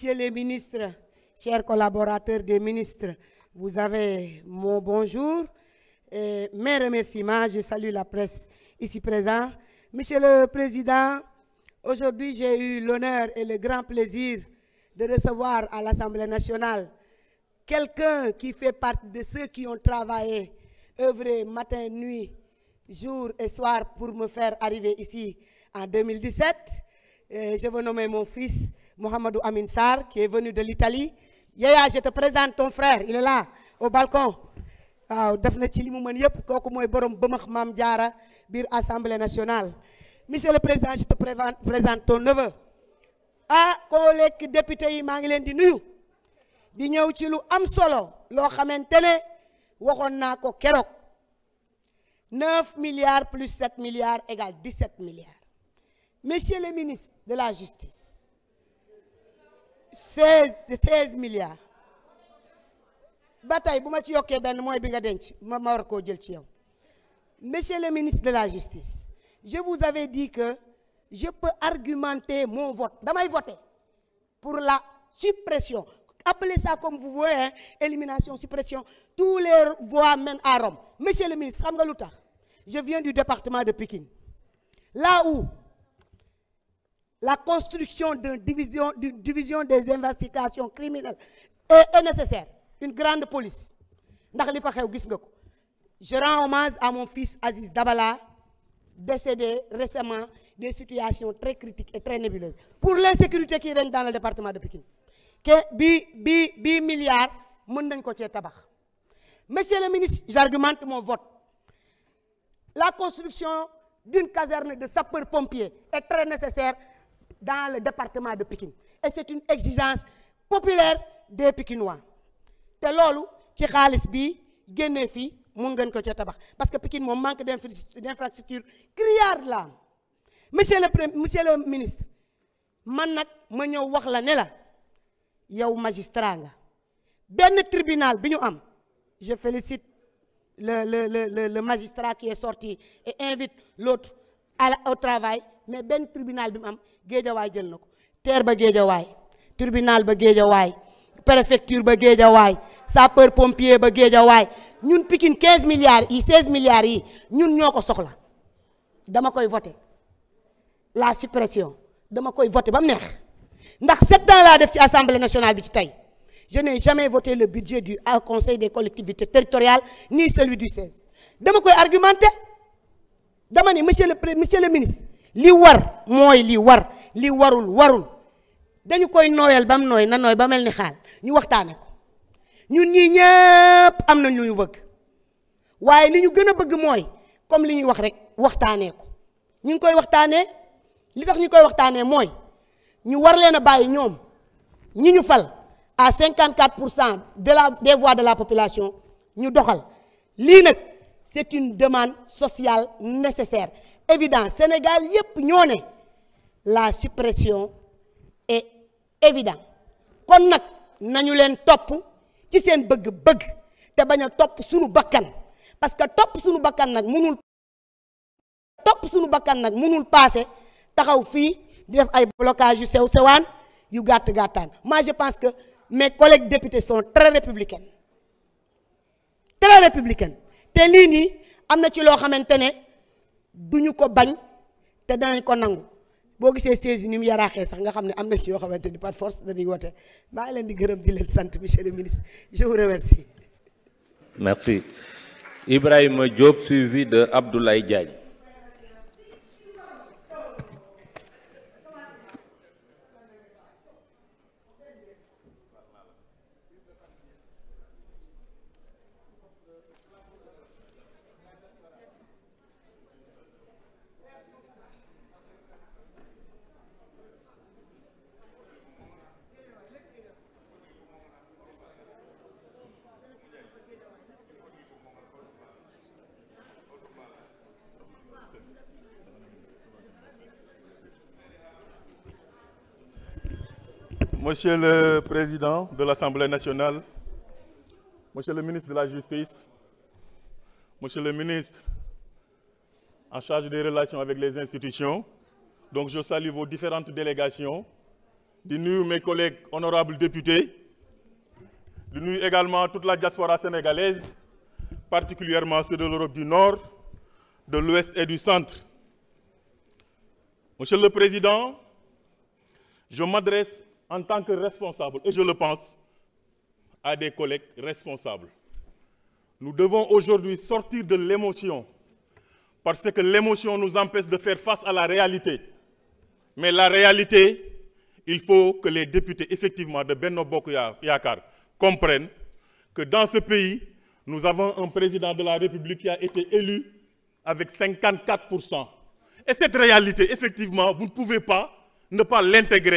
Monsieur le ministre, chers collaborateurs des ministres, vous avez mon bonjour et mes remerciements. Je salue la presse ici présente. Monsieur le Président, aujourd'hui j'ai eu l'honneur et le grand plaisir de recevoir à l'Assemblée nationale quelqu'un qui fait partie de ceux qui ont travaillé, œuvré matin, nuit, jour et soir pour me faire arriver ici en 2017. je veux nommer mon fils, Mohamedou Amin Sar, qui est venu de l'Italie. Yaya, je te présente ton frère, il est là, au balcon. waaw def ci li mu mën yëpp kooku borom bëmax assemblée nationale monsieur le président je te présente ton neveu ah collègue député yi maa ngi leen di nuyu di ci lu am solo lo xamante waxon ko 9 milliards plus 7 milliards égale 17 milliards monsieur le ministre de la justice 16 16 milliards Bataille, ma monsieur le ministre de la justice je vous avais dit que je peux argumenter mon vote damay voter pour la suppression appelez ça comme vous voulez hein. élimination suppression tous les voies mènent à Rome monsieur le ministre je viens du département de Pékin, là où la construction d'une division, division, des investigations criminelles est, nécessaire. Une grande police. Je rends hommage à mon fils Aziz Dabala, décédé récemment des situations très critiques et très nébuleuses. Pour l'insécurité qui règne dans le département de Pékin, que bi, bi, bi milliards, tabac. Monsieur le ministre, j'argumente mon vote. La construction d'une caserne de sapeurs-pompiers est très nécessaire dans le département de Pékin. et c'est une exigence populaire des Pékinois. Et c'est ci qui bi génnee fii parce que Pékin manque d'infrastructures criard là. monsieur le monsieur le ministre man nag ma ñëw wax la un magistrat Ben tribunal bi ñu am je félicite le le le le magistrat qui est sorti et invite l'autre au travail mais ben tribunal bi mu am géejawaay jël nako terre ba géejawaay tribunal ba géejawaay préfecture ba géejawaay sapeur pompier ba géejawaay ñun Pikine 15 milliards 16 milliards yi ñun ñoko soxla dama koy voter. la suppression dama koy voter. bam neex ndax ans la def ci assemblée nationale bi ci je n'ai jamais voté le budget du conseil des collectivités territoriales ni celui du 16 dama koy argumenté dama ni monsieur le pré monsieur le ministre li war moy li war li warul warul dañu koy nooyal bam noy na noy ba melni xal ñu waxtane ko ñun ñi ñëpp am nañ lu ñu bëgg waye li ñu gëna bëgg moy comme li ñuy wax rek waxtane ko ñu ngi koy waxtane li tax ñu koy waxtane moy ñu war leena a ñom ñi ñu fal à 54 de la des voix de la population ñu doxal li nak c'est une demande sociale nécessaire évident Sénégal yep, la suppression est évidente kon nag nañu un top ci a un bëgg bug, bañ a topp suñu bakan, parce que topp suñu bakan nag mënul sur suñu bakan nag mënul passé taxaw fii di def ay blocage yu sew sewaan yu gàtt moi je pense que mes collègues députés sont très républicains très républicains te lii nii am na ci loo xamante ne ñu ko bañ te danañ ko nangu boo gisee siège ni mu yaraaxee sax nga xam ne am na ci yoo xamante ni par force dañuy woote maa leen di gërëm di sant sant monsieur le ministre je vous remercie. merci Ibrahima Diop suivi de Abdoulaye Diagne. Monsieur le Président de l'Assemblée nationale, Monsieur le ministre de la Justice, Monsieur le ministre en charge des relations avec les institutions, donc je salue vos différentes délégations, de nous, mes collègues honorables députés, de nous également toute la diaspora sénégalaise, particulièrement ceux de l'Europe du Nord, de l'Ouest et du Centre. Monsieur le Président, je m'adresse en tant que responsable, et je le pense à des collègues responsables, nous devons aujourd'hui sortir de l'émotion, parce que l'émotion nous empêche de faire face à la réalité. Mais la réalité, il faut que les députés, effectivement, de Benno Yakar comprennent que dans ce pays, nous avons un président de la République qui a été élu avec 54%. Et cette réalité, effectivement, vous ne pouvez pas ne pas l'intégrer